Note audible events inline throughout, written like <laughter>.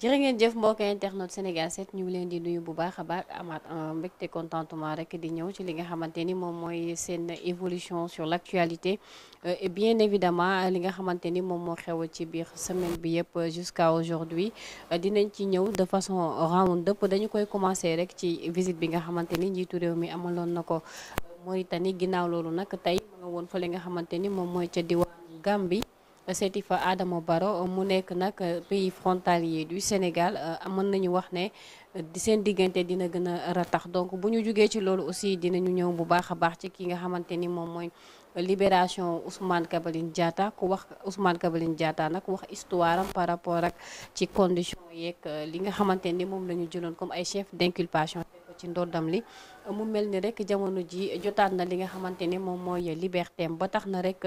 jërë ngeen jëf mbokk internet Sénégal 7 ñu ngi leen di nuyu bu baax a baax amaat mbégte contentement rek di ñëw ci li nga xamante ni moom mooy seen évolution sur actualité euh, et bien évidemment li nga xamante ni moom moo xew ci biir semaine bi yëpp jusqu'à aujourd'hui euh, dinañ ci ñëw de façon round dëpp dañu koy commencer rek ci visite bi nga xamante ni njiitu réew mi amaloon na ko euh, Mauritanie ginnaaw loolu nag tey ma fa li nga xamante ni moom mooy ca diwaanu bi seeti fa Adama Baro mu nekk nag pays frontalier du Sénégal euh, mën nañu wax ne euh, seen diggante dina gën a ratax donc bu ñu jugee ci loolu aussi dinañu ñëw bu baax a baax ci ki nga xamante ni moom mooy euh, libération Ousmane Kabaline Diatta ku wax Ousmane Kabaline Diatta nag wax histoire par rapport ak ci condition yeeg li nga xamante ni moom la ñu jëloon comme ay chef d'inculpation ci ndoddam li mu mel ni rek jamono ji jotaat na li nga xamante ni moom mooy liberté ba tax na rek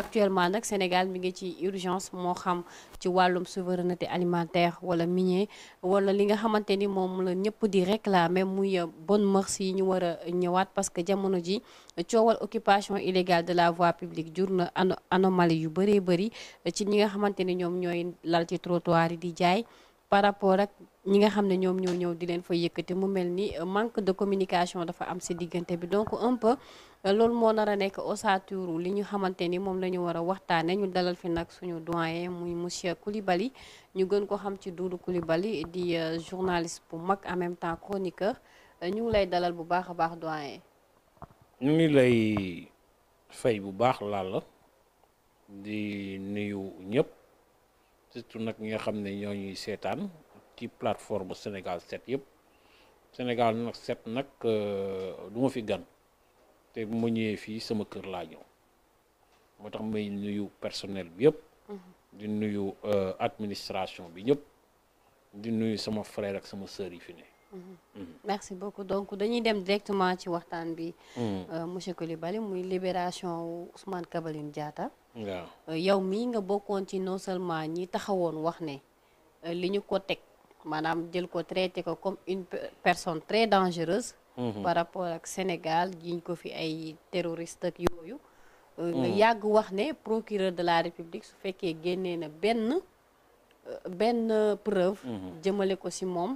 actuellement nag Sénégal mi ngi ci urgence moo xam ci wàllum souveraineté alimentaire wala minier wala li nga xamante ni moom la ñëpp di réclamer muy bonne mœurs yi ñu war a ñëwaat parce que jamono ji coowal occupation illégale de la voie publique jur na anomalie yu bëree bëri ci ñi nga xamante ni ñoom ñooy lal ci trottoir yi di jaay par rapport ak ñi nga xam ne ñoom ñoo ñëw di leen fa yëkkati mu mel ni euh, manque de communication dafa am si diggante bi donc un peu euh, loolu moo nar a nekk ossature li ñu xamante ni moom la ñu war a waxtaane ñu dalal fi nag suñu doyen muy monsieur Coulibaly ñu gën ko xam ci Doudou Coulibaly di euh, journaliste bu mag en même temps chroniqueur ñu lay dalal bu baax a baax doyen. ñu ngi lay fay bu baax laal di nuyu ñëpp. surtout nag ñi nga xam ne ñoo ñuy seetaan ci plateforme Sénégal 7 yëpp Sénégal nag 7 nag euh, du ma fi gan te bu ma ñëwee fii sama kër laa moo tax may nuyu personnel bi yëpp. Mm-hmm. di nuyu euh, administration bi ñëpp di nuyu sama frère ak sama sœur yi fi ne. Mm-hmm. Mm-hmm. merci beaucoup donc dañuy dem directement ci waxtaan bi. Mm. Euh, monsieur Coulibaly muy libération Ousmane Kabaline Diatta. waaw euh, yow mii nga bokkoon ci non seulement ñi taxawoon wax ne euh, li ñu ko teg maanaam jël ko traité ko comme une personne très dangereuse. Mhm. par rapport ak Sénégal jiñ ko fi ay terroriste yooyu. Euh, nga mhm. yàgg wax ne procureur de la République su fekkee génnee na benn benn preuve. Mhm. jëmale ko si moom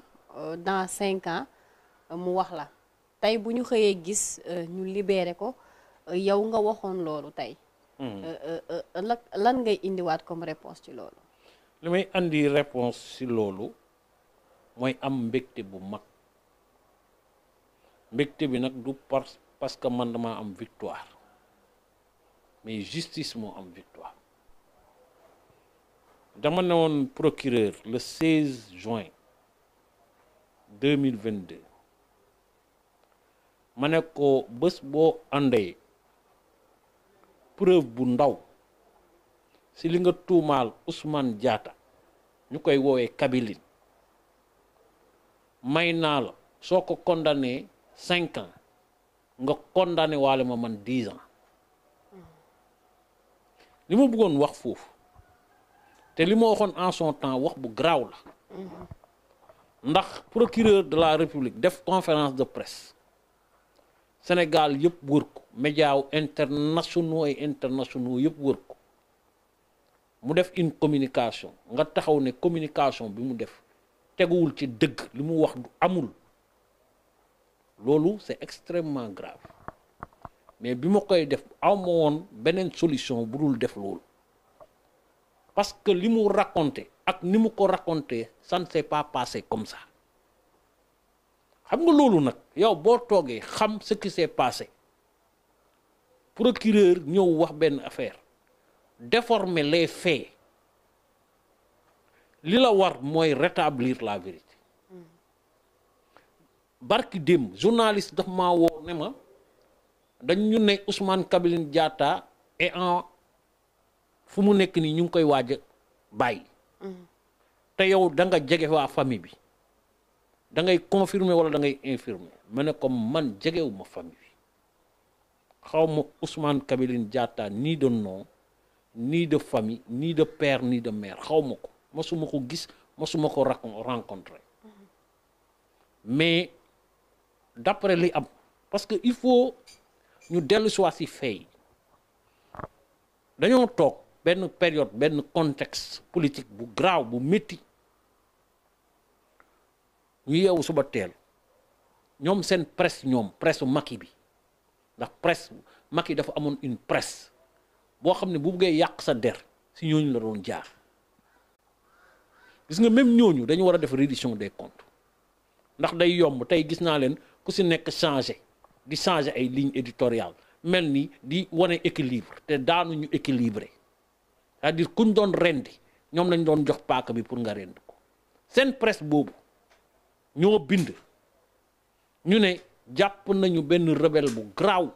dans cinq ans mu wax la tey bu ñu xëyee gis ñu libéré ko yow nga waxoon loolu tey. Hmm. Euh, euh, euh, lan ngay indiwaat comme réponse ci loolu li may andi réponse ci loolu mooy am mbégte bu mag mbégte bi nag du par parce que man dama am victoire mais justice moo am victoire dama ne woon procureur le 16 juin 2022 ma ne ko bés boo àndee preuve bu ndaw si li nga tuumaal Ousmane Diatta ñu koy woowee kabilin may naa la soo ko kondanee cinq ans nga condamné waale ma man dix ans li ma bëggoon wax foofu te li ma waxoon en son temps wax bu garaaw la mhm. ndax procureur de la république def conférence de presse Sénégal yëpp wër ko média wu internationaux et internationaux yëpp wër ko mu def une communication nga taxaw ne communication bi mu def teguwul ci dëgg li mu wax du amul loolu c'est extrêmement grave mais bi ma koy def aw ma woon beneen solution bu dul def loolu parce que li mu raconté ak ni mu ko raconté ça ne s'est pas passé comme ça xam nga loolu nag yow boo toogee xam ce qui s'est passé procureur ñëw wax benn affaire déformer les faits li la war mooy rétablir la vérité barki démb journaliste daf maa woo ne ma dañ ñu ne Ousmane Kabiline Diatta et en fu mu nekk nii ñu ngi koy waaj a bàyyi mm-hmm. te yow da nga jege waa famille bi da ngay confirmer wala da ngay infirmer ma ne comme man jegewu ma famille xaw ma Ousmane Kabiline Diatta nii de nom nii de famille nii de père nii de mère xaw ma ko masuma ko gis masuma ko rencontrer mais d'après li am parce que il faut ñu dellu si waat si fay dañoo toog benn période benn contexte politique bu grave bu métti ñu yeewu suba teel ñoom seen presse ñoom presse Macky bi ndax presse Macky dafa amoon une presse boo xam ne bu buggee yàq sa der si ñooñu la doon jaar gis nga même ñooñu dañu war a def reddition des comptes ndax day yomb tey gis naa leen ku si nekk changé di changé ay ligne éditoriale mel ni di wane équilibre te daanuñu équilibré c'est-à-dire kuñ doon rendi ñoom lañ doon jox paaka bi pour nga rend ko seen presse boobu ñoo bind ñu ne jàpp nañu benn rebelle bu garaaw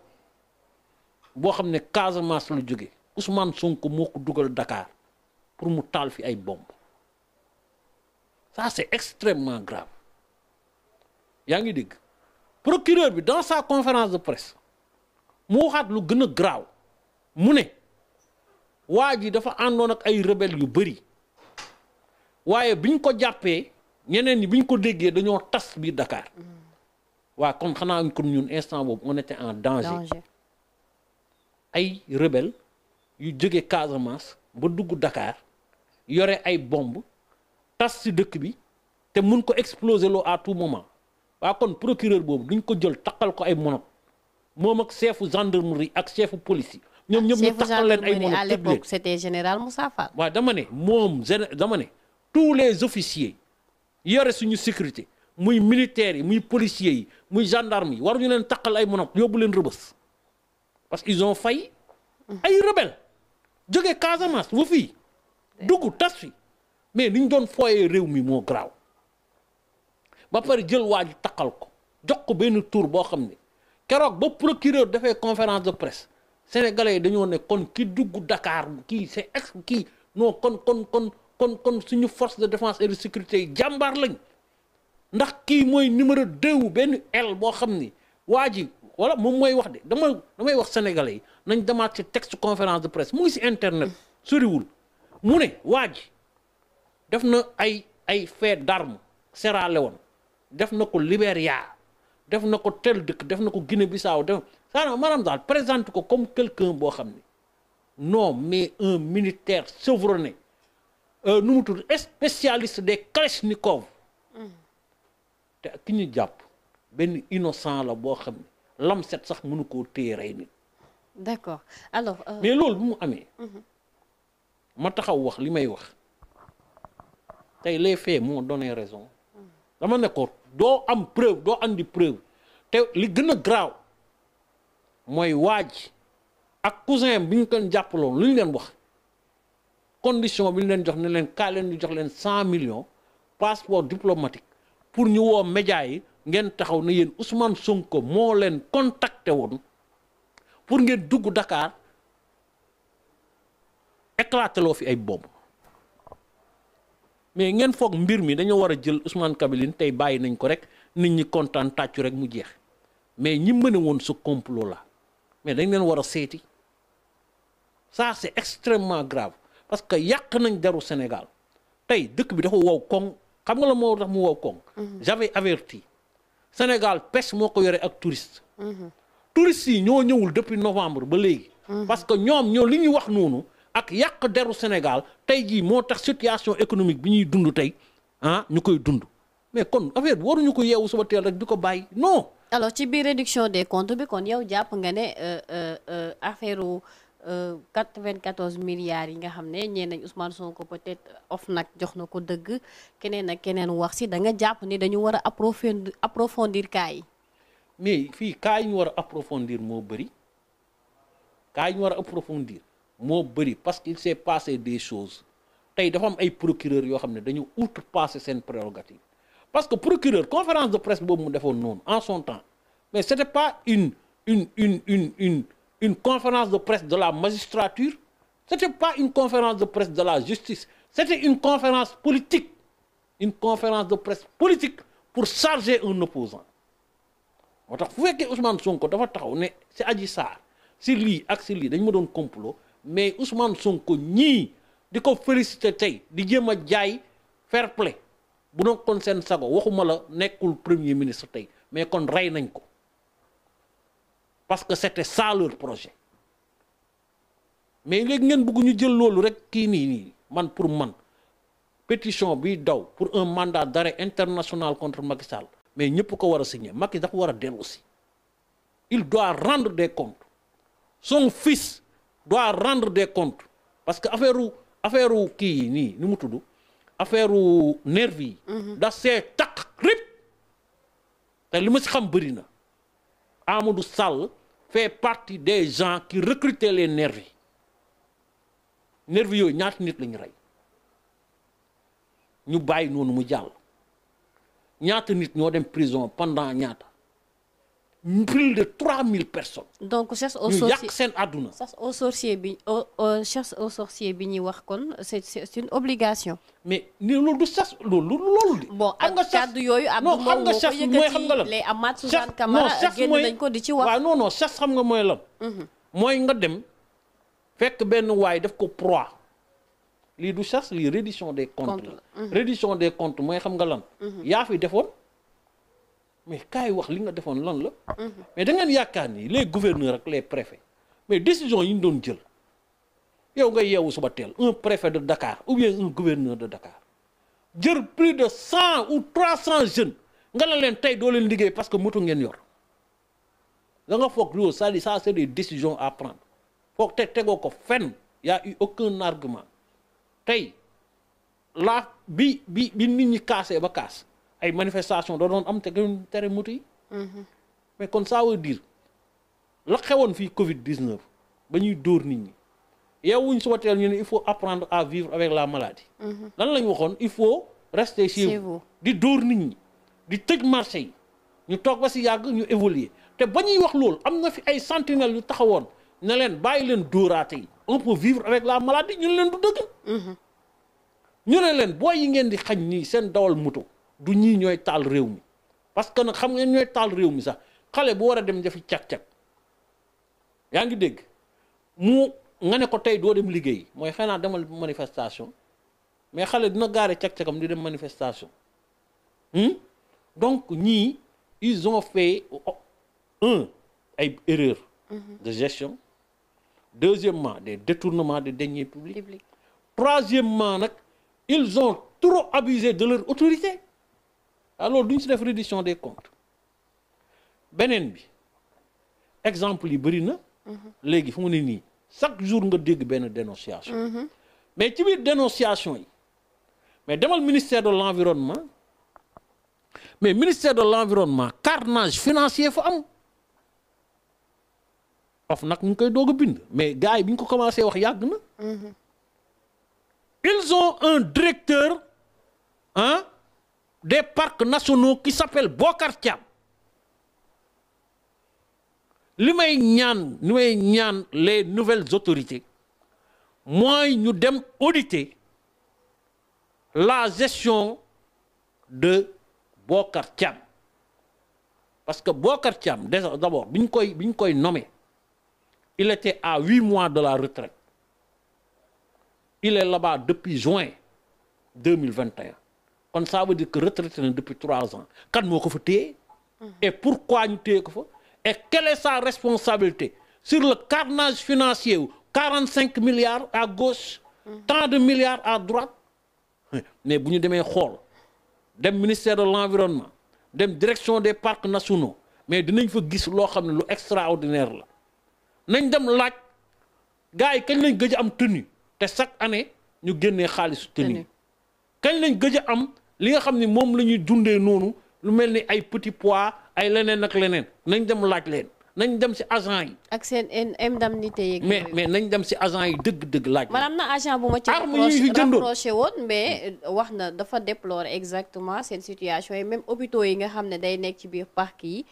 boo xam ne Casamance lu jóge Ousmane Sonko moo ko dugal dakaar pour mu taal fi ay bomb ça c'est extrêmement grave yaa ngi dégg procureur bi dans sa conférence de presse mu waxaat lu gën a garaaw mu ne waa ji dafa àndoon ak ay rebelle yu bëri waaye biñ ko jàppee ñeneen yi bi ñu ko déggee dañoo tas biir Dakar waa kon xanaa kon ñun instant boobu on était en danger ay rebelle yu jóge Casamance ba dugg dakaar yore ay bomb tas ci dëkk bi te mun ko exploser loo à tout moment waa kon procureur boobu duñ ko jël taqal ko ay monop moom ak chefu gendarmerie ak chefu police ñoom ñëpp ñu taqal leen ay monop à l'époque c'était général Moussa Fall waaw dama ne moom dama ne tous les officiers yore suñu sécurité muy militaires yi muy policiers yi muy gendarmes yi waruñu leen taqal ay monop yóbbu leen rëbës parce qu'ils ont fay mm-hmm. ay rebelle jóge Casamance ba fii dugg tas fi mais ni doon fooyee réew mi moo graaw ba pare jël waa ji taqal ko jox ko benn tour boo xam ne keroog ba procureur defee conférence de presse sénégalais yi dañoo ne kon ki dugg dakaar kii c'est ex kii non kon kon kon kon kon suñu force de defence et de sécurité yi jàmbaar lañ ndax kii mooy numéro deux wu benn L boo xam ni waa ji wala moom mooy wax de dama damay wax sénégalais yi nañ demaat ci texte conférence de presse mu ngi si internet soriwul mu ne waa ji def na ay ay fait d'armes Sierra woon def na ko Libéria def na ko tel dëkk def na ko Guinée Bissau def saana maanaam daal présente ko comme quelqu'un boo xam ni non mais un militaire chevronné Euh, nu mu tudd spécialiste des kalachnikov te ki ñu jàpp benn innocent la boo xam ne lamset sax mënu koo téye rey nit. d'accord euh, mais loolu bu mu amee. Mhm. ma taxaw wax li may wax tey les faits moo donné raison. Mhm. dama ne ko doo am preuve doo di preuve te li gën a graaw mooy waaj ak cousin bi ñu ko jàppaloon lu ñu leen wax. condition bi ñu leen jox ne leen kaa leen ñu jox leen cent millions passeport diplomatique pour ñu woo média yi ngeen taxaw ne yéen Ousmane Sonko moo leen contacté woon pour ngeen dugg Dakar éclaté loo fi ay bomb mais ngeen foog mbir mi dañoo war a jël Ousmane Kabiline tey bàyyi nañ ko rek nit ñi kontaan tàccu rek mu jeex mais ñi mën woon su complot la mais dañ leen war a seeti ça c'est extremement grave parce que yàq nañ deru Sénégal tey dëkk bi dafa wow koŋ xam nga la moo tax mu wow koŋ. Mhm. j'avais averti Sénégal pêche moo ko yore ak touriste. Mhm. touristes yi ñoo ñëwul depuis novembre ba léegi. Mhm. parce que ñoom ñoo li ñuy wax noonu ak yàq deru Sénégal tey jii moo tax situation économique bi ñuy dund tey ah ñu koy dund mais kon affaire bi waruñu ko yeewu suba teel rek di ko bàyyi non. alors ci biir réduction des comptes bi kon yow jàpp nga ne euh, euh, euh, affaire. 94 milliards yi nga xam ne ñee nañ Ousmane ko peut-être nag jox na ko dëgg keneen ak keneen wax si da nga jàpp ni dañu war a approfondir approfondir cas mais fii cas war a approfondir moo bëri cas yi ñu war a approfondir moo bëri parce qu'il s'est passé des choses tey dafa am ay procureurs yoo xam ne dañu outrepassé seen prérogative parce que procureur conférence de presse boobu mu defoon noonu en son temps mais c'était pas une une une une une conférence de presse de la magistrature, ce pas une conférence de presse de la justice, c'était une conférence politique, une conférence de presse politique pour charger un opposant moo tax fu fekkee Ousmane Sonko dafa taxaw ne si Adji Sarr si lii ak si lii dañ ma doon complot mais Ousmane Sonko ñii di ko félicité tey di jéem a jaay fair play bu doon kon seen sago waxuma la nekkul premier ministre tey mais kon rey nañ ko parce que c'était ça leur projet mais léegi ngeen bëgg ñu jël loolu rek kii nii nii man pour man pétition bi daw pour un mandat d'arrêt international contre Macky Sall mais ñëpp ko war a signé Macky dafa war a dellu si il doit rendre des comptes son fils doit rendre des comptes parce que affaire u affaire wu kii yi nii ni mu tudd affaire wu nervi yi mhm. da see takk rip te li ma si xam bëri na Amadou Sall fait partie des gens qui recrutaient les nervis nervis yooyu ñaata nit lañu ñu rey ñu bàyyi noonu mu jàll ñaata nit ñoo dem prison pendant ñaata plus de 3000 personnes. donc chasse aux sorciers ñu yàq seen àdduna. bi chasse aux euh, euh, bi ñuy wax kon c'est c'est une obligation. mais ni loolu du chasse loolu loolu de. bon ak kàddu yooyu am na moo ko yëkkati les Amath Suzanne Camara génn nañ ko di ci wax. waaw non non xam nga mooy lan. Mhm. mooy nga dem fekk benn waay def ko proie. lii du chasse lii reddition des comptes la. Mhm. reddition des comptes mooy xam nga lan. Mhm. yaa fi defoon. mais kaay wax li nga defoon lan la. Ah. Mhm. mais da ngeen yaakaar ni les gouverneurs ak les préfets mais décision yi ñu doon jël yow nga yeewu suba teel un préfet de dakaar ou bien un gouverneur de Dakar jër plus de cent ou trois cent jeunes nga la leen tey doo leen liggéey parce que moto ngeen yor da nga foog loolu c'est-à-dire ça c'est des décision à prendre foog te tegoo ko fenn yaa a eu aucun argument tey la bi bi bi nit ñi kaasee ba kaas. ay manifestation doo doon am te gën tere moto yi mm-hmm. mais kon ça veut dire la xewoon fii covid 19 ba ñuy dóor nit ñi yeewuñ suba teel ñu ne il faut apprendre à vivre avec la maladie mm-hmm. lan lañ waxoon il faut rester chez di dóor nit ñi di tëj marché yi ñu toog ba si yàgg ñu évoluer te ba ñuy wax loolu am na fi ay sentinelles yu taxawoon ne leen bàyyi leen dóoraate yi on peut vivre avec la maladie ñu ne leen du dëgg mm-hmm. ñu ne leen booy yi ngeen di xañ nii seen dawal moto du ñii ñooy taal réew mi parce que nag xam nga ñooy taal réew mi sax xale bu war a dem jafi cag-cag yaa ngi dégg mu nga ne ko tey doo dem liggéey mooy xanaa demal manifestation mais xale dina gaare cag-cagam di dem manifestation hmm? donc ñii ils ont fait oh, un ay erreur mhm. de gestion deuxièmement des détournements de deniers publics troisièmement nag ils ont trop abusé de leur autorité alors duñ si def reddition des comptes beneen bi exemple yi bëri na. Mhm. léegi fu mu ne nii chaque jour nga dégg benn dénonciation. Mhm. mais ci biir dénonciation yi mais demal ministère de l' environnement mais ministère de l' environnement carnage financier fa am. of nag ñu koy doog a bind mais gars yi bi ñu ko commencé wax yàgg na. Mhm. ils ont un directeur ah. des parcs nationaux qui s'appelle Bokar Thiam li may ñaan li ñaan les nouvelles autorités mooy ñu dem audité la gestion de Bokar Thiam parce que Bokar Thiam déjà d'abord bi ñu koy bi koy nommé il était à huit mois de la retraite il est là depuis juin deux mille vingt et kon ça veut dire que retraité na depuis trois ans kan moo ko fa téye. et pourquoi ñu téye ko fa. et quelle est sa responsabilité sur le carnage financier wu quarante cinq milliards à gos tant de milliards à droite. mais bu ñu demee xool dem ministère de l'environnement dem direction des parcs nationaux mais dinañ fa gis loo xam ne lu extraordinaire la nañ dem laaj gars yi kañ lañ gëj am tenue te chaque année ñu génnee xaalisu tenue kañ lañ gëj a am li nga xam ni moom la ñuy dundee noonu lu mel ni ay petit pois ay leneen ak leneen nañ dem laaj leen nañ dem si agent yi. ak seen indemnité yeeg mais mais nañ dem si agent yi dëgg-dëgg laaj. man am na agent bu ma ci rapproché woon mais wax na dafa déplorer exactement seen situation yi même hôpitaux yi nga xam ne day nekk ci biir park yi.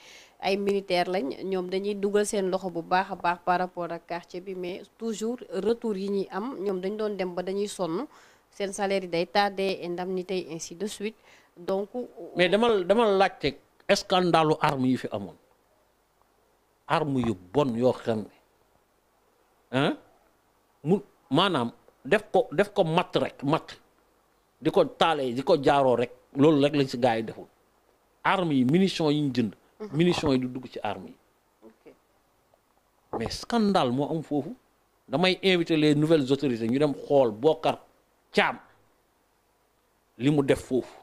ay militaire lañ ñoom dañuy dugal seen loxo bu baax a baax par rapport ak quartier bi mais toujours retour yi ñuy am ñoom dañ doon dem ba dañuy sonn seen salaire yi day tardé indemnité yi ainsi de suite donc. Euh, mais dama dama laajte scandalu armes yi fi amoon armes yu bon yoo xam ne mu maanaam def ko def ko matt rek matt di ko taalee di ko jaaroo rek loolu rek lañ si gars yi deful armes yi munitions yi ñu jënd. munitions yi du dugg ci armes yi. mais scandale moo am foofu damay inviter les nouvelles autorités ñu dem xool Bokar caam li mu def foofu.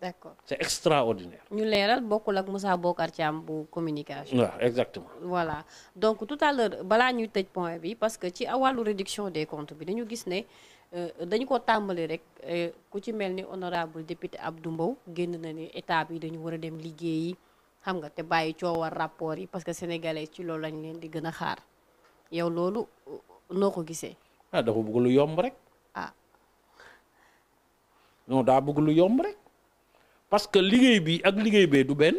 d'accord c'est extraordinaire. ñu leeral bokkul ak Moussa Bokar Thiam bu communication. waaw exactement. voilà donc tout à l'heure balaa ñuy tëj point bi parce que ci wàllu réduction des comptes bi dañu gis ne euh, dañu ko tàmbali rek euh, ku ci mel ni honorable député Abdou Mbow génn na ni état bi dañu war a dem liggéeyi xam nga te bàyyi coowal rapport yi parce que sénégalais ci loolu lañ leen di gën a xaar yow loolu euh, noo ko gisee. ah dafa yomb rek. ah non daa bëgg lu yomb rek parce que liggéey bi ak liggéey bee du benn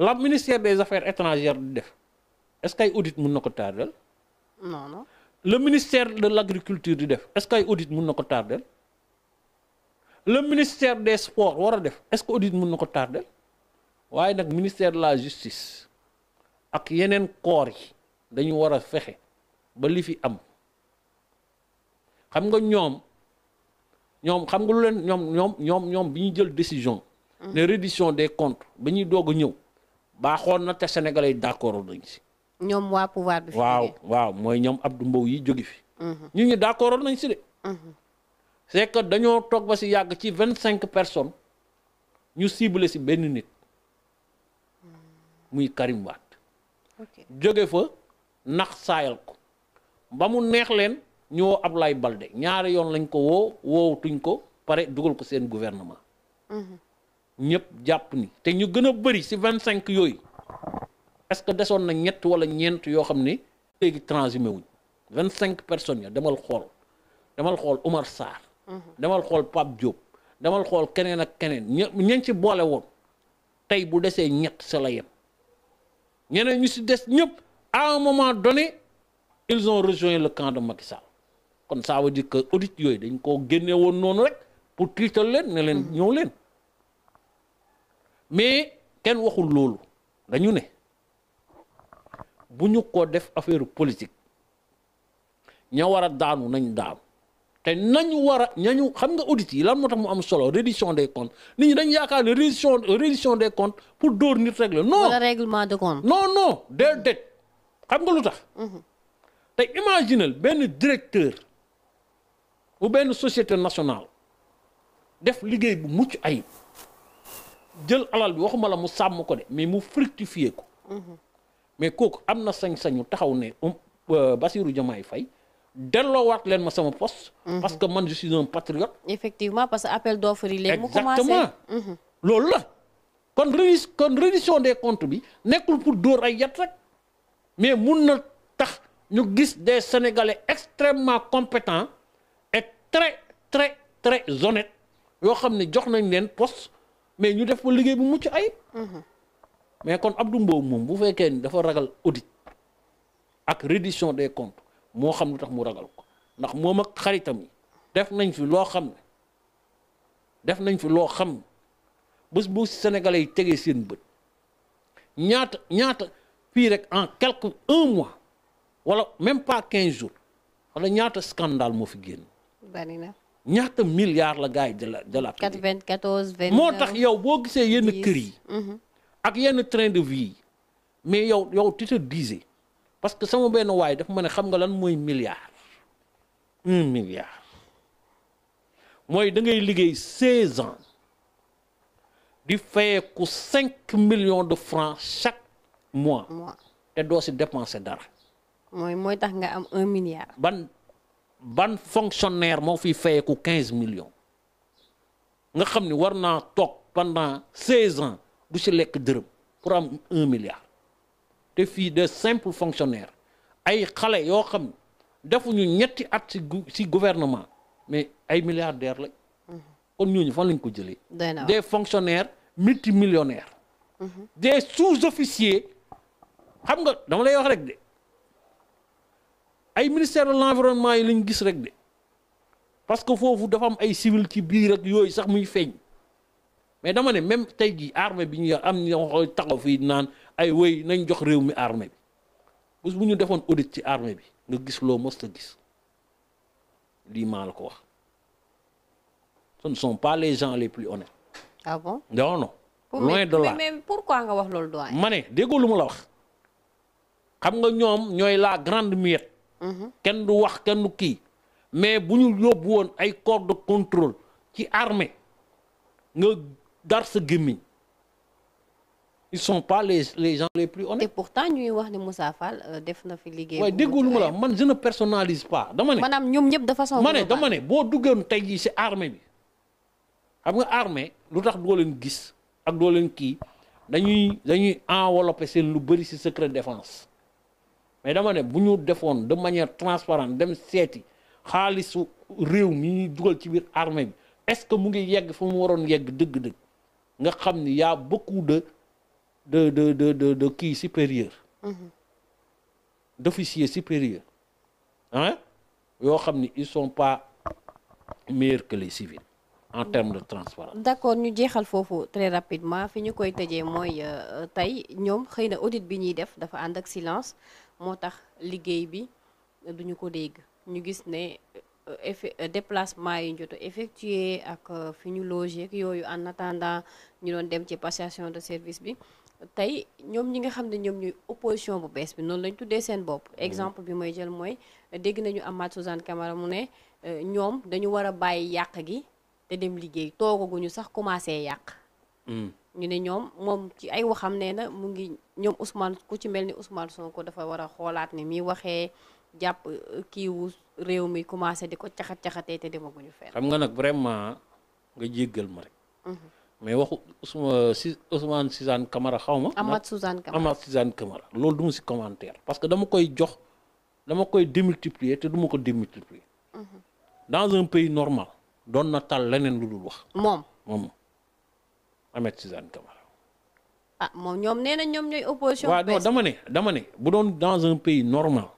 la ministère des affaires étrangères di def est-ce que audit mun na ko tardel non non le ministère de l'agriculture di def est-ce que ay mun na ko tardel le ministère des sports war a def est-ce audit mun na ko tardel waaye nag ministère de la justice ak yeneen corps yi dañu war a fexe ba li fi am xam nga ñoom ñoom xam nga lu leen ñoom ñoom ñoom ñoom bi ñu jël décision. ne reddition des comptes ba ñuy doog a ñëw baaxoon na te sénégalais yi d' accord nañ si. ñoom waa pouvoir bi. waaw waaw mooy ñoom Abdou Mbow yi jóge fi. Mhm. ñu ñu d' nañ si de. Mhm. dañoo toog ba si yàgg ci vingt cinq personnes ñu ciblé si benn nit muy Karim Wade. jóge fa nax saayal ko ba mu neex leen ñu ab Abdoulaye Balde ñaari yoon lañ ko woo woowutuñ ko pare dugal ko seen gouvernement. Mhm. ñëpp jàpp ni te ñu gën a bëri si vingt cinq yooyu est-ce que desoon na ñett wala ñeent yoo xam ne léegi transhumé wuñ vingt cinq personnes ya demal xool demal xool Umar Sarr. Mhm. demal xool Pape Diop demal xool keneen ak keneen ña ci boole woon tey bu desee ñett sa la yem ñeneen ñu si des ñëpp à moment donné ils ont rejoint le camp de Macky Sall. kon ça veut dire que audit yooyu dañ koo génne woon noonu rek pour tiital leen ne leen ñëw leen mais kenn waxul loolu dañu ne bu ñu ko def affaire politique ña war a daanu nañ daanu te nañu war a ñañu xam nga audit yi lan moo tax mu am solo reddition des comptes nit ñi dañ yaakaar ne reddition reddition des comptes pour dóor nit rek la non wala règlement de compte non non déedéet xam nga lu tax mhm. te imaginal benn directeur bu benn société nationale def liggéey bu mucc ayib jël alal bi waxuma la mu sàmm ko de mais mu fructifier ko. Mhm. mais kooku am na sañ-sañu taxaw ne um, euh, Bassirou fay Faye delloowaat leen ma sama post mhm. parce que man je suis un patriote. effectivement parce que appel doo yi léegi mu commencé exactement. Mhm. loolu la kon redis kon reddition des comptes bi nekkul pour dóor ay yat rek mais mun na tax ñu gis des sénégalais extrêmement compétents. très très très honnêtes yoo xam ne jox nañ leen post mais ñu def ba liggéey bu mucc ay mais kon Abdou Mbow moom bu fekkee ni dafa ragal audit ak reddition des comptes moo xam lu tax mu ragal ko ndax moom ak xaritam yi def nañ fi loo xam ne def nañ fi loo xam bés bu Sénégalais yi tegee seen bët ñaata ñaata fii rek en quelque un mois wala même pas quinze jours wala ñaata scandale moo fi génn. bari na ñaata milliards la gars yi jëla jëlaat. 94 22 moo tax yow boo gisee yenn kër yi. Mhm. ak yenn train de vie yi mais yow yow tu te disais parce que sama benn waay dafa ma ne xam nga lan mooy milliard un mooy da ngay liggéey 16 ans di fayeeku 5 millions de francs chaque mois. te doo dépenser dara. mooy tax nga am un milliard. ban fonctionnaire moo fiy ku quinze millions nga xam ni war naa toog pandant seize ans du si lekk dërëm pour am un milliard te fii de simple fonctionnaire ay xale yoo xam defuñu ñetti at ci ci gouvernement mais ay milliardaire la mhm. kon ñooñu fan lañ ko jëlee des fonctionnaires multimillionnaires mhm. des sous-officiers xam nga dama lay wax rek ay ministère de l'environnement yi lañ gis rek de parce que foofu dafa am ay civil ci biir rek yooyu sax muy feeñ mais dama ne même tey jii armée bi ñu yor am ñoo taxaw fii naan ay wéy nañ jox réew mi armée bi bés bu ñu defoon audit ci armée bi nga gis loo most a gis lii maa la ko wax ce ne sont les gens les plus honnêtes. ah nga wax loolu doyen. ma ne déggoo lu ma la wax xam nga ñoom ñooy la grande miette. kenn du wax kenn du kii mais bu ñu yóbbu woon ay corps de contrôle ci armée nga dar sa gémmiñ ils sont pas les les gens les plus honnêtes. et ñuy wax ne Moussa Fall euh, def na fi liggéey. waaye déggoo lu ma la man je personalise personnalise pas dama ne. maanaam ñoom ñëpp de façon. ma dama ne boo duggoon tey jii si armée bi xam nga armée lu tax doo leen gis ak doo leen kii dañuy dañuy enveloppé seen lu bëri si secret défense. mais dama ne bu ñu defoon de manière transparente dem seeti xaalisu réew mi ñuy dugal ci biir armée bi est-ce que mu ngi yegg fu mu waroon yegg dëgg-dëgg nga xam ni y'a beaucoup de de de de de kii supérieur mhm. d'officier supérieur ah yoo xam ni ils sont pas meilleurs que les civils en termes de transparence. d'accord ñu jeexal foofu très rapidement fi ñu koy tëjee mooy euh, tey ñoom xëy na audit bi ñuy def dafa ànd ak silence moo tax liggéey bi duñu ko dégg ñu gis ne euh, euh, déplacement yi jot a ak euh, fi ñu logé yooyu en attendant ñu doon dem ci passation de service bi tey ñoom ñi nga xam ne ñoom ñuy opposition bu bees bi noonu lañ tuddee seen bopp. Mm-hmm. exemple bi may jël mooy dégg nañu Amath Suzanne Camara mu ne ñoom dañu war a bàyyi yàq gi te dem liggéey toogaguñu sax commencé yàq. Mm. ñu ne ñoom moom ci ay waxam nee na mu ngi ñoom Ousmane ku ci mel ni Ousmane ko dafa war a xoolaat ni muy waxee jàpp euh, kiiwu réew mi commencé di ko caxat caxatee te demaguñu fenn. xam nga nag vraiment nga jéggal ma rek. Mhm. mais waxu Ousmane si Ousmane Suzanne Camara xaw ma. Amath Suzanne Camara Amath Suzanne Camara loolu du ma si commentaire parce que dama koy jox dama koy démultiplier te duma ko démultiplier. Mhm. dans un pays normal doon na tal leneen lu dul wax. moom. Ahmed Suzanne Camara. ah moom ñoom nee na ñoom ñooy opposition. waaw non dama ne dama ne bu doon dans un pays normal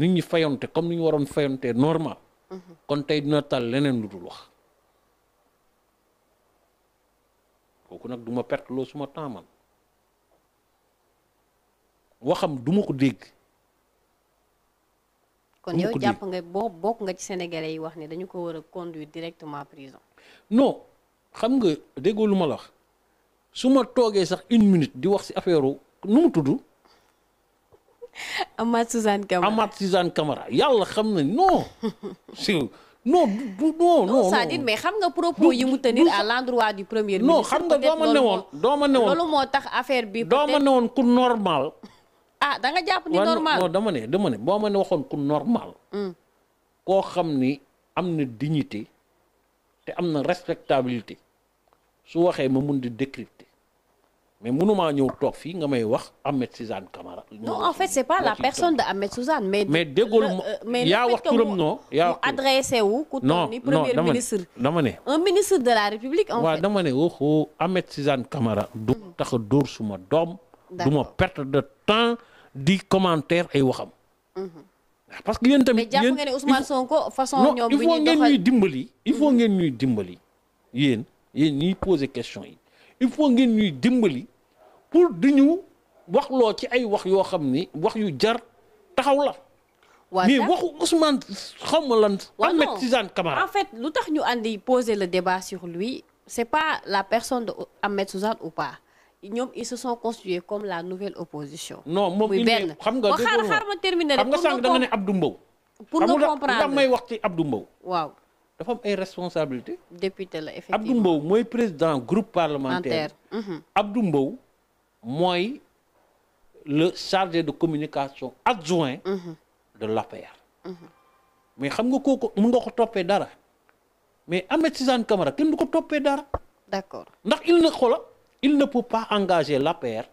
nit ñi fayonte comme ni ñu waroon fayonte normal. Mhm. kon tey dina tal leneen lu dul wax. kooku nag du ma perte loo suma temps man waxam du ko dégg. kon yow jàpp nga boo bokk nga ci sénégalais yi wax ne dañu ko war a conduire directement prison. non. xam nga déggoo lu ma la wax su ma toogee sax une minute di wax si affaire nu mu tudd. Amath Suzanne Camara Amath Suzanne Camara yàlla xam na non <laughs> si. non du non non cest mais xam nga propos yi mu tenir à l'endroit du premier ministre. xam nga doo ne woon doo ma newoon loolu moo tax affaire bi. doo ma newoon ku normal. <laughs> ah da nga jàpp ni normal non dama ne dama ne boo ma ne waxoon ku normal. Hmm. koo xam ni am na dignité te am na respectabilité su waxee ma mun di décrypter mais mënumaa ñëw toog fii nga may wax Ahmed Suzanne Camara. non en fait c'est pas la personne de Ahmed Suzanne. mais mais déggul euh, yaa wax turam non. yaa wax ku toog ni premier ministre dama ne un ministre de la république. en fait dama ne waxu Ahmed Suzanne Camara. du mm. tax a dóor suma doom. du ma perte de temps di commentaire ay waxam. Mm-hmm. Ah, parce que yéen tamit. yéen mais jàpp nga façon ñoom. bu ñuy doxal non dimbali. il faut mm-hmm. ngeen ñuy dimbali yéen. yéen ñuy poser question yi il faut ngeen ñuy dimbali pour di ñu loo ci ay wax yoo xam ni wax yu jar taxaw la. waaw mais waxu Ousmane xam nga lan. Ahmed Suzanne Camara en fait lu tax ñu andi poser le débat sur lui c'est pas la personne de Ahmed Suzanne ou pas ñoom ils se sont constitués comme la nouvelle opposition. non moom il xam nga. xaar xaar ma terminer rek xam nga sànq da nga ne Abdou Mbow. pour nga comprendre xam nga may wax ci Abdou Mbow. dafa am ay responsabilités. député la effectivement Abdou mooy président groupe parlementaire. Uh-huh. Abdou Mbow mooy le chargé de communication adjoint. Uh-huh. de l'APR. Uh-huh. mais xam nga kooko mën nga ko toppee dara mais Ahmed Tidiane Camara kenn du ko toppee dara. d'accord ndax il ne xoola il ne peut pas engager l'APR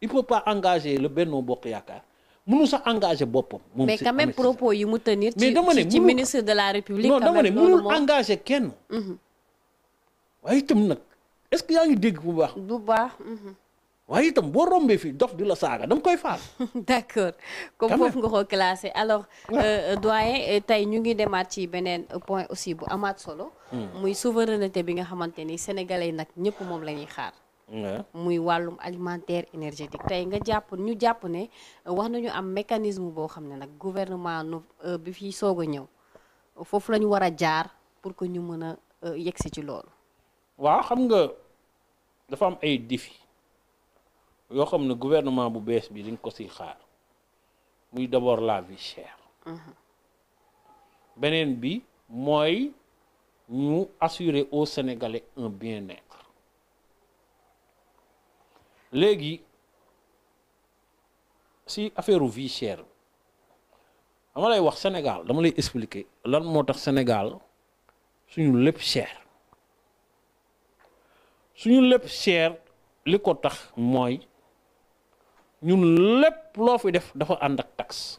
il peut pas engager le Benno Bokk Yaakaar. mënu sa engagé boppam. moom mais quand propos yi mu tenir. mais dama ne ci ministre de la république. non dama ne mënul engagé kenn. Mhm. waaye itam nag est-ce que yaa ngi dégg bu baax. bu baax. Mhm. waaye itam boo rombee fii dof di la saaga dama koy faal. <laughs> d'accord comme foofu nga ko classé alors. Euh, euh, doyen euh, tey ñu ngi demaat ci beneen point aussi bu amaat solo. Hmm. muy souveraineté bi nga xamante ni sénégalais nag ñëpp moom la ñuy xaar. muy wàllum alimentaire énergétique tey nga jàpp ñu jàpp ne euh, wax nañu am mécanisme boo xam ne nag gouvernement euh, bi fi soog a ñëw foofu la ñu war a jaar pour que ñu mën a euh, yegsi ci loolu. waa xam nga dafa am ay défi yoo xam ne gouvernement bu bees bi dañ ko siy xaar muy d'abord la vie chère. Mhm. beneen bi mooy ñu assurer au Sénégalais un bien léegi si affaire vie chère dama lay wax Sénégal dama lay expliquer lan moo tax Sénégal suñu lépp cher suñu lépp cher li ko tax mooy ñun lépp loo fi def dafa ànd ak tax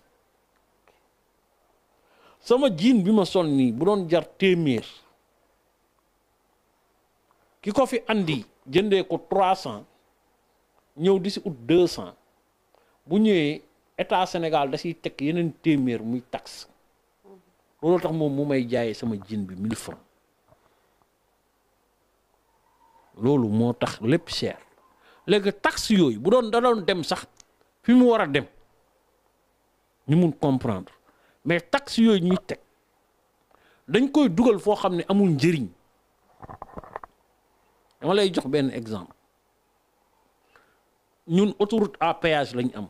sama jiin bi ma sol nii bu doon jar téeméer ki ko fi indi jëndee ko trois cent ñëw di si ut deux cent bu ñëwee état Sénégal da siy teg yeneen téeméer muy taxe loolu tax moom mu may jaayee sama jin bi mille francs loolu moo tax lépp cher léegi taxe yooyu bu doon da dem sax fi mu war a dem ñu mun comprendre mais taxe yooyu ñuy teg dañ koy dugal foo xam ne amul njëriñ dama lay jox benn exemple ñun autoroute à péage lañ am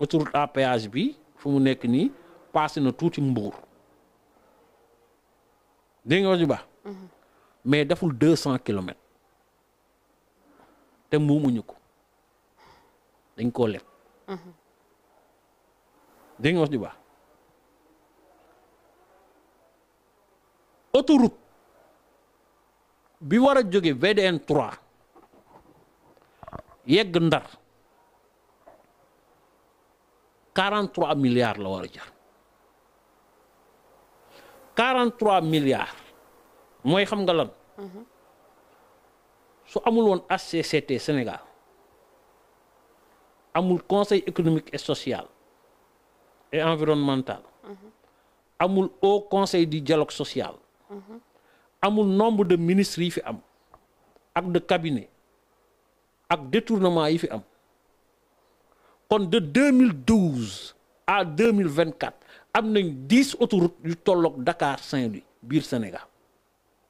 autoroute à péage bi fu mu nekk nii passé na tuuti mbuur dégg nga wax baax mhm. mais deful deux cent kilomètres te muumuñu ko dañ koo leb mhm. dégg nga wax baax autoroute bi war a jóge VDN 3 yegg ndar 43 la war a jar 43 milliards mooy xam nga lan. Mhm. su amul woon HCCT Sénégal amul conseil économique et social et environnemental. Mhm. amul haut conseil du dialogue social. Mhm. amul nombre de ministres yi fi am ak de cabinet ak détournement yi fi am kon de 2012 à 2024 am nañ 10 autoroutes yu tolloog Dakar Saint-Louis biir Sénégal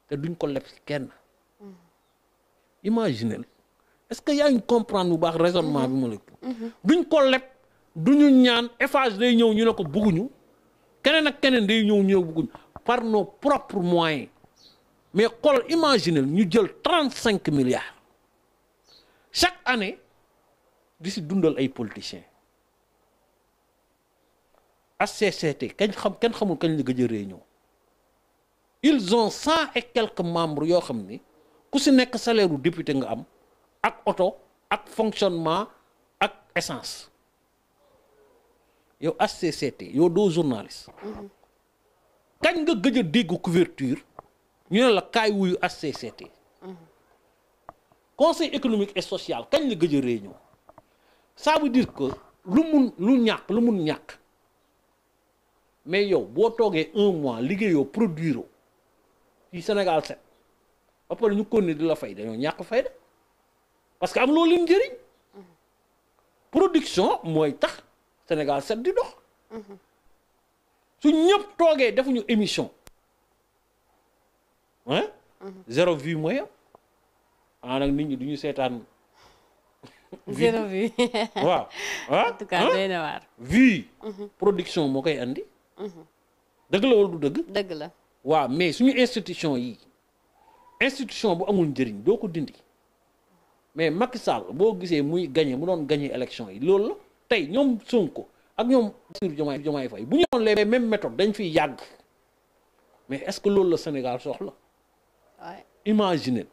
te duñ ko leb si kenn imaginez est-ce que yaa ngi comprendre bu baax raisonnement bi ma la mhm. mhm. duñ ko leb duñu ñaan Eiffage day ñëw ñu ne ko bëgguñu keneen ak keneen day ñëw ñu ne bëgguñu par nos propres moyens mais xool imaginez ñu jël trent cinq milliards. chaque année di si dundal ay politiciens HCCT kañ xam kenn xamul kañ la gëj a réunion ils ont cent et quelques membres yoo xam ni ku si nekk salaire u député nga am ak oto ak fonctionnement ak essence yow HCCT yow doo journaliste. Mm-hmm. kañ nga gëj a dégg couverture ñu ne la kaay wuyu HCCT. conseil économique et social kañ la gëj a réunion ça veut dire que lu mun lu ñàkk lu mun ñàkk mais yow boo toogee un mois liggéeyoo produire ci Sénégal set ba pare ñu kon di la fay dañoo ñàkk fayda parce que am loolu leen njëriñ production mooy tax Sénégal set di dox su ñëpp toogee defuñu émission hein mhm. zéro vue mooy xanaa ah, nag nit ñi du seetaan. zéro vue <laughs> ah, ah. na waar. Mhm. production moo koy andi. Mhm. dëgg la wala dëgg. dëgg la waaw mais suñu institution yi institution bu amul njëriñ doo ko dindi mais Macky Sall boo gisee muy gagné mu doon gagné élection yi loolu la tey ñoom Sonko ak ñoom Bassirou Diomaye Diomaye Faye bu ñu doon les mêmes méthodes dañ fiy yàgg mais est-ce que loolu la Sénégal soxla. waaye imaginer.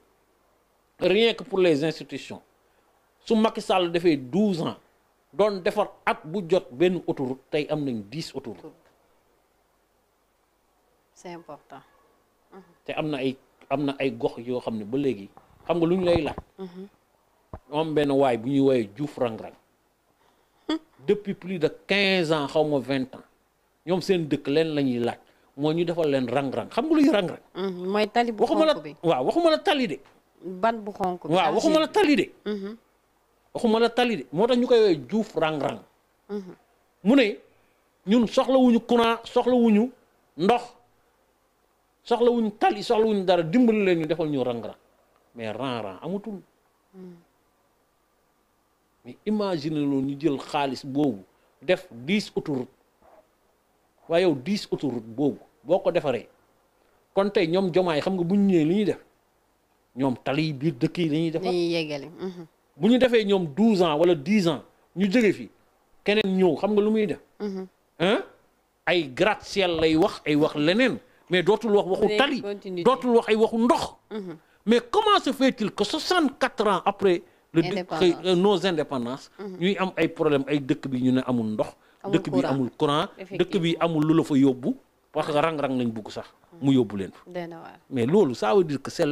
rien que pour les institutions su Macky Sall defee douze ans doon defar at bu jot benn autoroute tey am nañ dix autoroute c'est important. Mhm. te am na ay am na ay gox yoo xam ne ba léegi xam nga lu ñu lay laaj. Mhm. am benn waay bu ñuy woowee Diouf Rang-Rang <laughs> depuis plus de quinze ans xaw ma vingt ans ñoom seen dëkk leen la ñuy laaj moo ñu defal leen rang-rang xam nga luy rang-rang. Mhm, mooy tali bu waxuma la tali de. ban bu xonk bi waaw waxuma la tali de. Mhm. waxuma la tali de moo tax ñu koy woowee juuf rang-rang. Mhm. mu ne ñun soxlawuñu courant soxlawuñu ndox soxlawuñu tali soxlawuñu dara dimbali leen ñu defal ñu rang-rang mais rang-rang amatul. Mhm. mais imagine loolu ñu jël xaalis boobu def dix autoroute waaye yow dix autoroute boobu boo ko defaree kon tey ñoom jomaay xam nga bu ñu ñëwee ñuy def. ñoom tali biir dëkk yi dañuy defar dañuy yeggale mhm. bu ñu defee ñoom douze ans wala dix ans ñu jóge fii keneen ñëw xam nga lu muy def ah ay gratte-ciel lay wax ay wax leneen mais dootul wax waxu tali dootul wax ay waxu ndox mhm. mais comment se fait-il que soixante quatre ans après le dëkk euh, nos indépendances ñuy am ay problème ay dëkk bi ñu ne amul ndox dëkk bi amul courant dëkk bi amul lu la fa yóbbu parce que rang-rang lañ bugg sax mu yóbbu leen fa mais loolu ça veut dire que c'est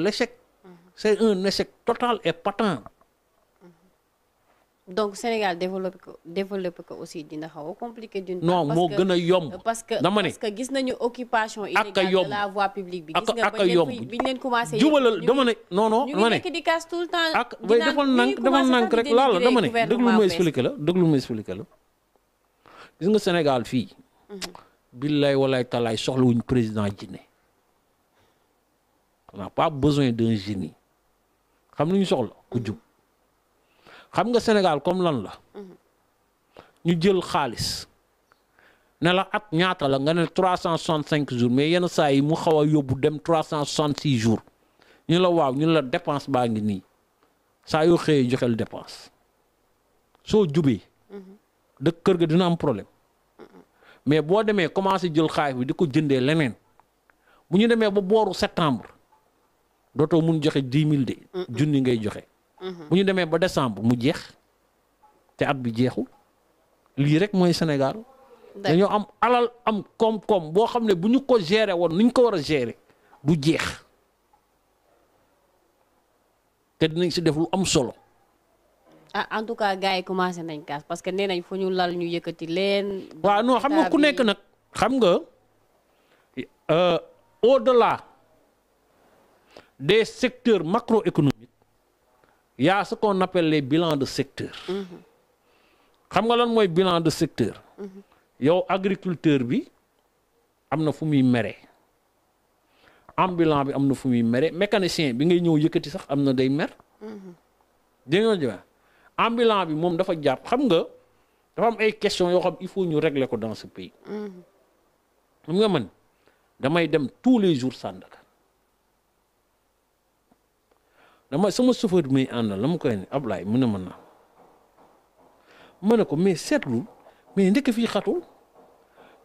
c'est un échec total et patent. donc Sénégal développé ko développé ko aussi dina xaw a compliqué. d'une part non moo gën a yomb. parce que parce que gis nañu occupation illégale de la voie publique bi. gis nga bañ leen biñ leen commencé. jubalal dama ne non non dama ne ñu ngi nekk di casse tout le temps. ak bay defal nank defal nank rek laala dama ne déglu ma expliqué la déglu ma expliqué la. gis nga Sénégal fii. Mhm. billaay walaay talaay soxlawuñ président Djiné. on n'a pas besoin d'un génie. xam lu ñu soxla ku jub xam nga Sénégal comme lan la mm-hmm. ñu jël xaalis ne la at ñaata la nga ne trois cent soixante cinq jours mais yenn saa yi mu xaw a yóbbu dem trois cent soixante six jours ñu la waaw ñu la dépense baa ngi nii saa yoo xëyee joxel dépense soo jubee mm-hmm. dëkk kër ga dina am problème mm-hmm. mais boo demee commencé jël xaalis bi di ko jëndee leneen bu ñu demee ba booru septembre dootoo mun joxe dix mille de. junni ngay joxe. Mm-hmm. bu ñu demee ba décembre mu jeex te at bi jeexu lii rek mooy Sénégal. dañoo am alal am koom-koom boo xam ne bu ñu ko gérer woon ni ñu ko war a gérer du jeex te dinañ si def lu am solo. ah en tout cas gars yi commencé nañ kaas parce que nee nañ fu ñu lal ñu yëkkati leen. waa non xam nga ku nekk nag xam nga euh, de la des secteurs macro y a ce qu'on appelle les bilans de secteur. xam nga lan mooy bilan de secteur. yow agriculteur bi am na fu muy mere. ambulant bi am na fu muy mere mécanicien bi ngay ñëw yëkkati sax am na day mer. dégg nga ambulant bi moom dafa jàpp xam nga dafa am ay questions yoo xam il faut ñu régler ko dans ce pays. xam nga man damay dem tous les jours Sandaga. dama sama chauffeur bi muy la ma koy ne Ablaye mu ne mën na mu ne ko mais seetlu mais ndekk fii xatul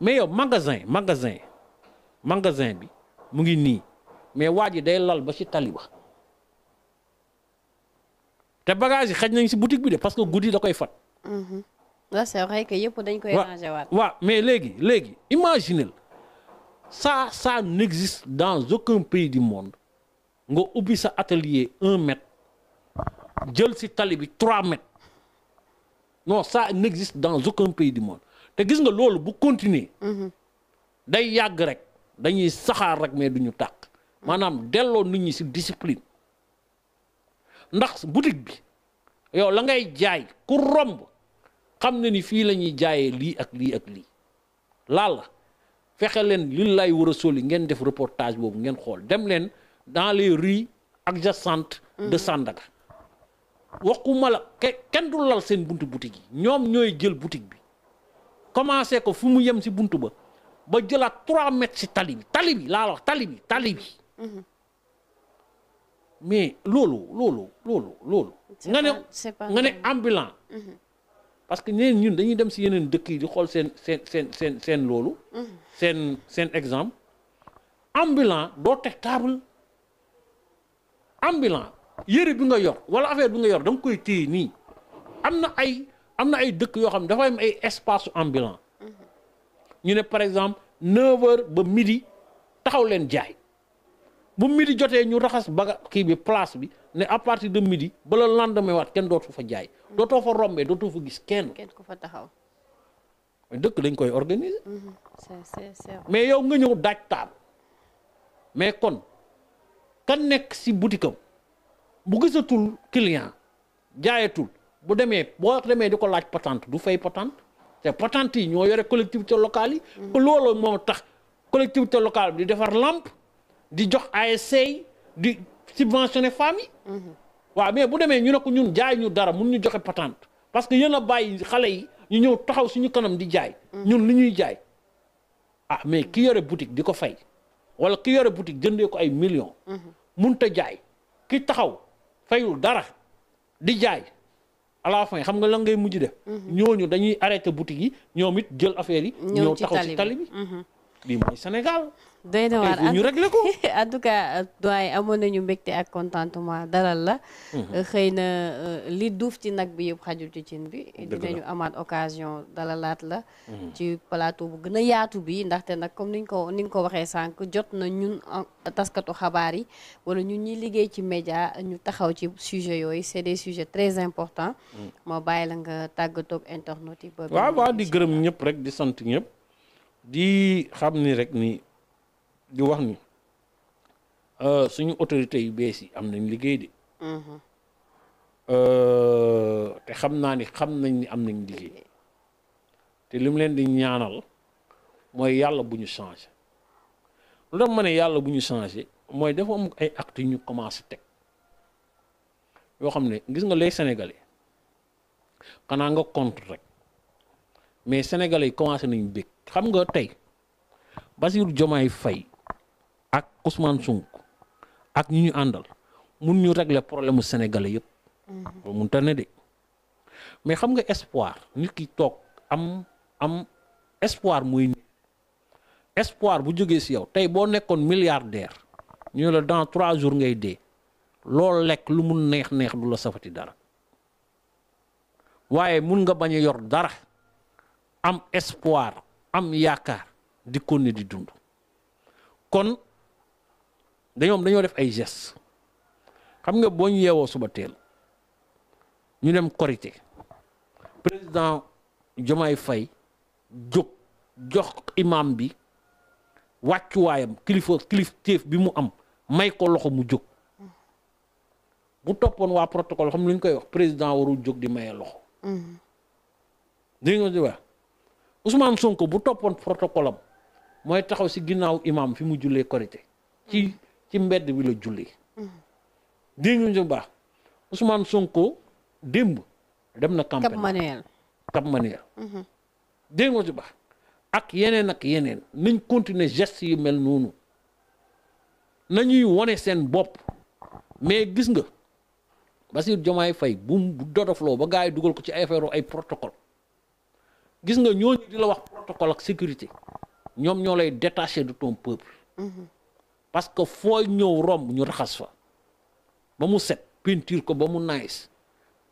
mais yow magasin magasin magasin bi mu ngi nii mais waa ji day lal ba si tali ba te bagage yi xaj nañ si boutique bi de parce que guddi da koy fat. waaw mhm. c'est vrai que yëpp dañ koy rangé waat. waaw mais léegi léegi imaginez ça ça dans aucun pays du monde. nga ubbi sa atelier un mètre jël si tali bi trois mètres non ça n'existe dans aucun pays du monde te gis nga loolu bu continuer day yàgg rek dañuy saxaar rek mais duñu tàq maanaam delloo nit ñi si discipline ndax boutique bi yow la ngay jaay ku romb xam na ni fii la ñuy jaayee lii ak lii ak lii laal la fexe leen li lay war a soli ngeen def reportage boobu ngeen xool dem leen dans les rues adjacentes de mm. Sandaga waxuma la ke kenn du lal seen buntu boutique yi ñoom ñooy jël boutique bi commencé ko fu mu yem si bunt ba ba jëlaat trois mètres si tali bi tali bi laa wax tali bi tali bi mm-hmm. mais loolu loolu loolu loolu nga ne nga ne ambulant mm-hmm. parce que ñeneen ñun dañuy dem si yeneen dëkk yi di xool seen seen seen seen seen loolu mm-hmm. seen seen exemple ambulant doo teg table ambulant yére bi nga yor wala affaire bi nga yor da koy téye nii am na ay am na ay dëkk yoo xam ne dafa am ay espace ambulant ñu ne par exemple 9h ba midi taxaw leen jaay bu midi jotee ñu raxas baga kii bi place bi ne à partir de midi bala lendemain waat kenn dootu fa jaay mm-hmm. dootoo fa rombee dootoo fa gis kenn. kenn ku fa taxaw. dëkk dañ koy organiser. Mm-hmm. c'est c'est mais yow nga ñëw daaj taal mais kon. kan nekk si boutique bu gisatul client jaayatul bu demee boo demee di ko laaj patente du fay patente te patant yi ñoo yore collectivité locale yi. Mm. looloo moo tax collectivité locale bi di defar lamp di jox ASC di subvention femmes yi. Mm-hmm. waa mais bu demee ñu ne ko ñun jaay ñu dara mun ñu joxe patente parce que yéen a bàyyi xale yi ñu ñëw taxaw suñu kanam di jaay. Mm. ñun li ñuy jaay ah mais ki yore boutique di ko fay wala ki yore boutique jëndee ko ay millions. Mm-hmm. munta jaay ki taxaw fayul dara di jaay à la xam nga lan ngay mujj def. Mhm. ñooñu dañuy arrêté boutique yi ñoom it jël affaire yi. ñëw taxaw ci tali bi. bii mhm. mooy Sénégal. doy na waar ñu <laughs> en tout cas doyen amoon nañu mbégte ak contentement dalal la. Mhm. Euh, xëy na euh, li duuf ci nag bi yëpp xajul ci cin bi. dinañu amaat occasion dalalaat la. Mhm. ci plateau bu gën a yaatu bi ndaxte nag comme niñ ko ni nga ko waxee sànq jot na ñun taskatu xabaar yi wala ñu ñuy liggéey ci média ñu taxaw ci sujet yooyu c'est des sujets très important moo mhm. bàyyi la nga tàggatoog internet yi. ba waaw waaw di gërëm ñëpp rek di sant ñëpp. di xam ni rek di wax ni euh, suñu autorités yu bees yi am nañ liggéey de. Mm-hmm. Euh, te xam naa ni xam nañ ni am nañ liggéey te li mu leen di ñaanal mooy yàlla bu ñu changé lu tax ma ne yàlla bu ñu changé mooy dafa am ay act yu ñu commencé teg yoo xam ne gis nga les sénégalais xanaa nga contre rek mais sénégalais yi commencé nañu bég xam nga tey Bassirou Diomaye Faye ak Ousmane Sonko ak ñi ñu àndal mun ñu régler problème mu sénégalais yëpp. ba mun de mais xam nga espoir nit ki toog am am espoir muy nit espoir bu jógee si yow tey boo nekkoon milliardaire ñu la dans trois jours ngay dee loolu lekk lu mun neex neex du la safati dara waaye mun nga bañ a yor dara am espoir am yaakaar di continuer di dund kon dañoom dañoo def ay ges xam nga boo ñu yeewoo suba teel ñu dem korité président Diomaye Faye jóg jox imam bi wàccuwaayam kilifa kilifteef bi mu am may ko loxo mu jóg bu toppoon waa protocole xam lu ñu koy wax président warul jóg di maye loxo mm-hmm. dégg nga di wax Ousmane bu toppoon protocole mooy taxaw si ginnaaw imam fi mu jullee korité ci mm-hmm. ci mbedd bi la julli dégg nga baax Ousmane Sonko démb dem na campagne Cap Manuel Cap mhm. baax ak yeneen ak yeneen nañ continuer gest yu mel noonu nañuy wone seen bopp mais gis nga Bassirou Diomaye Faye bu bu dodofloo ba gaa yi dugal ko ci ay affaire ay protocole gis nga ñooñu di la wax protocole ak sécurité ñoom ñoo lay détaché de ton peuple mhm. parce que foo ñëw romb ñu raxas fa ba mu set peinture ko ba mu nice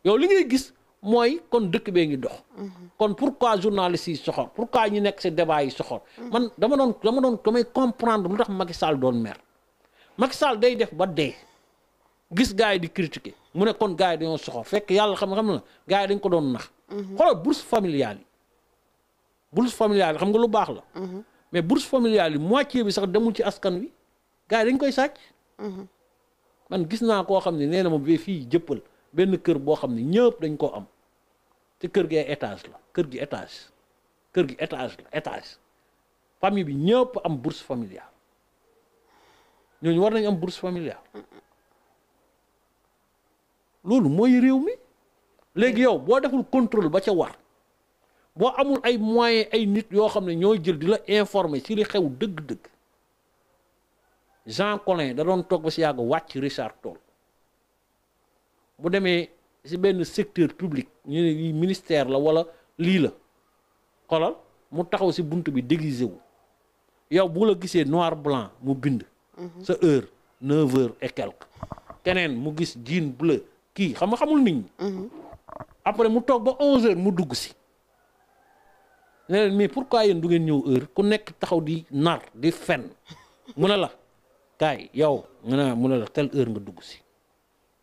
yow li ngay gis mooy kon dëkk bee ngi dox. kon pourquoi journalistes yi soxor pourquoi ñu nekk si débat yi soxor. man dama doon dama doon damay comprendre lu tax Macky Sall doon mer Macky Sall day def ba dee gis gars yi di critiquer mu ne kon gars yi dañoo soxor fekk yàlla xam xam na gars dañ ko doon nax. xoolal bourse familiale yi bourse familiale yi xam nga lu baax la. Mm-hmm. mais bourse familiale yi moitié bi sax demul ci askan wi. gars yi dañ koy sàcc. Mhm. man gis naa koo xam ne nee na ma ba fii jëppal benn kër boo xam ne ñëpp dañ koo am te kër gi ay étage la kër gi étage kër gi étage la étage famille bi ñëpp am bourse familiale ñooñu war nañ am bourse familiale loolu mooy réew mi léegi yow boo deful contrôle ba ca war boo amul ay moyen ay nit yoo xam ne ñoo jël di la informer ci li xew dëgg-dëgg. Jean Collin da doon toog ba si yàgg wàcc Richard Toll bu demee si benn secteur public ñu ne lii ministère la wala lii la xolal mu taxaw si bunt bi déguisé wu yow bu la gisee noir blanc mu bind mhm. sa heure neuf et quelque keneen mu gis jean bleu kii xam xamul nit mhm. après mu toog ba onze heures mu dugg si ne leen mais pourquoi yéen du ngeen ñëw heure ku nekk taxaw di nar di fen mu ne la kaay yow nga naa mu ne la telle heure nga dugg si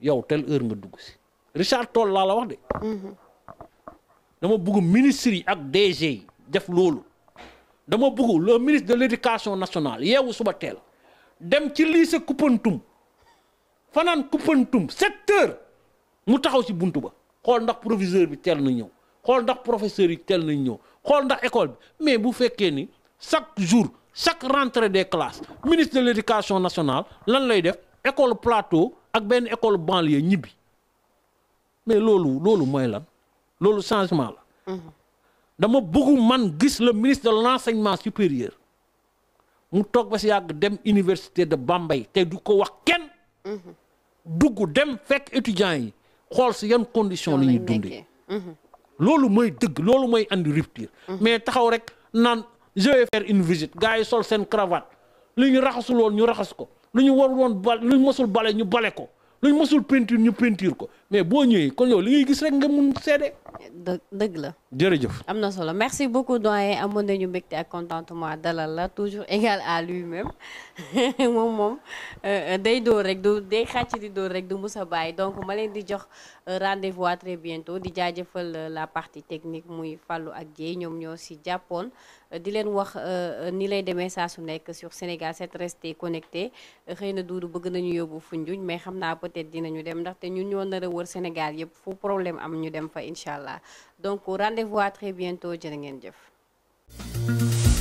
yow telle heure nga dugg si Richard Toll laa la wax de. Mm-hmm. dama bëgg ministre yi ak DG yi def loolu dama bëgg le ministre de l' éducation nationale yeewu suba teel dem ci lycée Koupentoum fanaan Koupentoum sept heures mu taxaw si bunt ba xool ndax proviseur bi teel na ñëw xool ndax professeur yi teel nañ ñëw xool ndax école bi mais bu fekkee ni chaque jour. chaque rentrée des classes ministre de l' éducation nationale lan lay def école plateau ak benn école banlieue ñibbi mais loolu loolu mooy lan loolu changement la. Mm-hmm. dama bëggu man gis la ministre de l' enseignement supérieur mu toog ba si yàgg dem université de bambay te du ko wax kenn. Mm-hmm. dugg dem fekk étudiants yi xool si yan condition la dundee. Mm-hmm. loolu mooy dëgg loolu mooy andi rupture. mais taxaw rek naan. je vais une visite gars yi sol seen cravat li ñu raxasul woon ñu raxas ko lu ñu warul woon bal lu ñu mësul bale ñu bale ko lu ñu mësul peinture ñu peinture ko mais boo ñëwee kon yow li ngay gis rek nga mun seede dëgg la. jërëjëf. am na solo merci beaucoup doyen amoon nañu mbégte ak contentement dalal la toujours égal à lui-même <laughs> moom moom euh, day dóor rek du day xàcc di dóor rek du mus a bàyyi donc ma leen di jox euh, rendez-vous à très bientôt di jaajëfal euh, la partie technique muy Fallou ak Dieye ñoom ñoo si jàppoon di leen wax ni lay demee saa su nekk sur Sénégal 7 restez connectés xëy na duudu bëgg nañu yóbbu Foundiougne mais xam naa peut-être dinañu dem ndaxte ñun ñoo nar ñu dem fa incha allah donc rendez-vous à très bientôt jërë ngeen jëf